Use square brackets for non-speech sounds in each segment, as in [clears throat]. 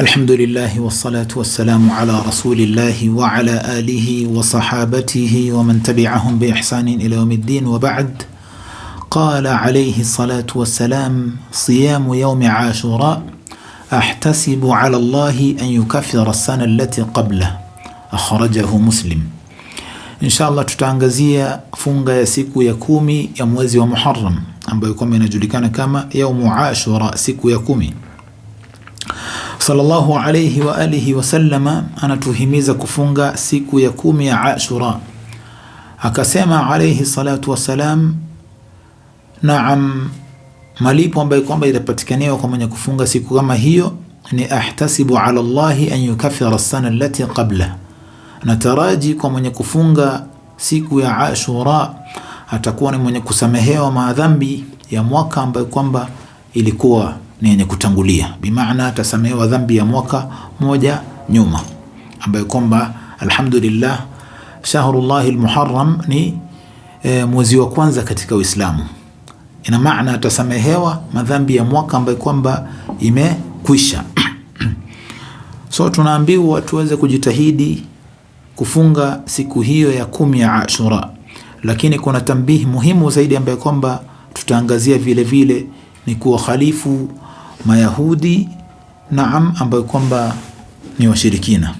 الحمد لله والصلاة والسلام على رسول الله وعلى آله وصحابته ومن تبعهم بإحسان إلى يوم الدين وبعد قال عليه الصلاة والسلام صيام يوم عاشوراء أحتسب على الله أن يكفر السنة التي قبله أخرجه مسلم إن شاء الله tutaangazia فنغ ya يكومي يموزي ومحرم أم بيكومي wa كان كما يوم عاشوراء kama يكومي sallallahu alayhi wa alihi wasallama anatuhimiza kufunga siku ya kumi ya Ashura. Akasema alayhi salatu wassalam, naam, malipo ambayo kwamba itapatikaniwa kwa mwenye kufunga siku kama hiyo ni ahtasibu ala Allahi an yukaffira sana allati qabla, nataraji kwa mwenye kufunga siku ya Ashura atakuwa ni mwenye kusamehewa madhambi ya mwaka ambayo kwamba ilikuwa ni yenye kutangulia, bimaana atasamehewa dhambi ya mwaka moja nyuma, ambayo kwamba alhamdulillah shahrullahi almuharram ni e, mwezi wa kwanza katika Uislamu. Ina maana atasamehewa madhambi ya mwaka ambayo kwamba imekwisha. [clears throat] So tunaambiwa tuweze kujitahidi kufunga siku hiyo ya kumi ya Ashura, lakini kuna tambihi muhimu zaidi ambayo kwamba tutaangazia vile vile ni kuwa khalifu Mayahudi naam, ambayo kwamba ni washirikina.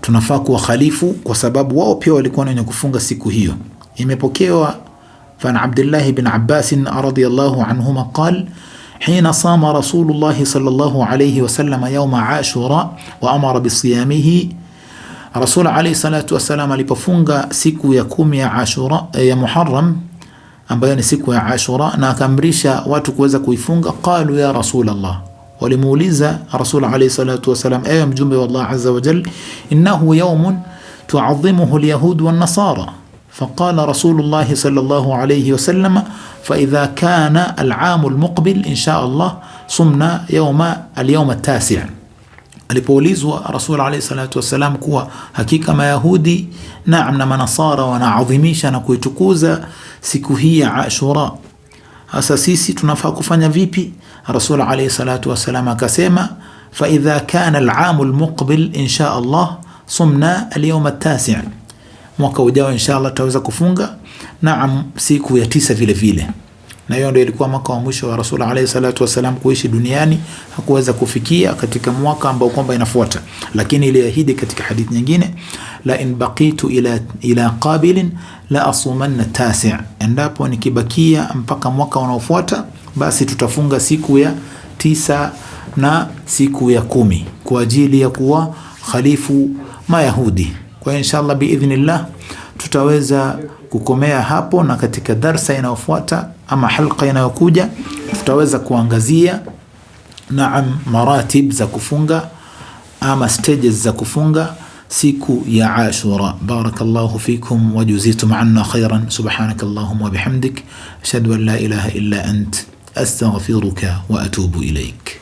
Tunafaa kuwa khalifu kwa sababu wao pia walikuwa wenye kufunga siku hiyo. Imepokewa fan Abdillahi bin Abbas radhiyallahu anhuma qal hina sama rasulullah sallallahu alayhi wasallam yauma Ashura wa amara bisiyamihi Rasul alayhi salatu wasalam alipofunga siku ya kumi ya Ashura ya Muharram ambayo ni siku ya Ashura, na akaamrisha watu kuweza kuifunga. Qalu ya Rasul Allah, walimuuliza Rasul alayhi salatu wasalam, ewe mjumbe wa Allah azza wa jal, innahu yawmun tuadhimuhu alyahud wan nasara faqala Rasulullahi sallallahu alayhi wasallam faidha kana alaamu almuqbil insha Allah sumna yawma alyawm attasi' alipoulizwa Rasul alayhi salatu wassalam kuwa hakika Mayahudi naam na Manasara wanaadhimisha na kuitukuza siku hii ya Ashura, hasa sisi tunafaa kufanya vipi? Rasul alayhi salatu wassalam akasema, fa idha kana al-aam al-muqbil insha Allah sumna al-yawm at-tasi', mwaka ujao insha Allah tutaweza kufunga naam siku ya tisa vile vile na hiyo ndio ilikuwa mwaka wa mwisho wa Rasul alayhi salatu wasalam kuishi duniani. Hakuweza kufikia katika mwaka ambao kwamba inafuata, lakini iliahidi katika hadithi nyingine, la in baqitu ila, ila qabilin la asumanna tasi, endapo nikibakia mpaka mwaka unaofuata basi tutafunga siku ya tisa na siku ya kumi kwa ajili ya kuwa khalifu Mayahudi. Kwa inshallah biidhnillah tutaweza kukomea hapo, na katika darsa inayofuata ama halqa inayokuja tutaweza kuangazia naam, maratib za kufunga ama stages za kufunga siku ya Ashura. Barakallahu fikum wa juzitum anna khairan. Subhanaka wa bihamdik ashhadu an la ilaha illa ant astaghfiruka wa atubu ilaik.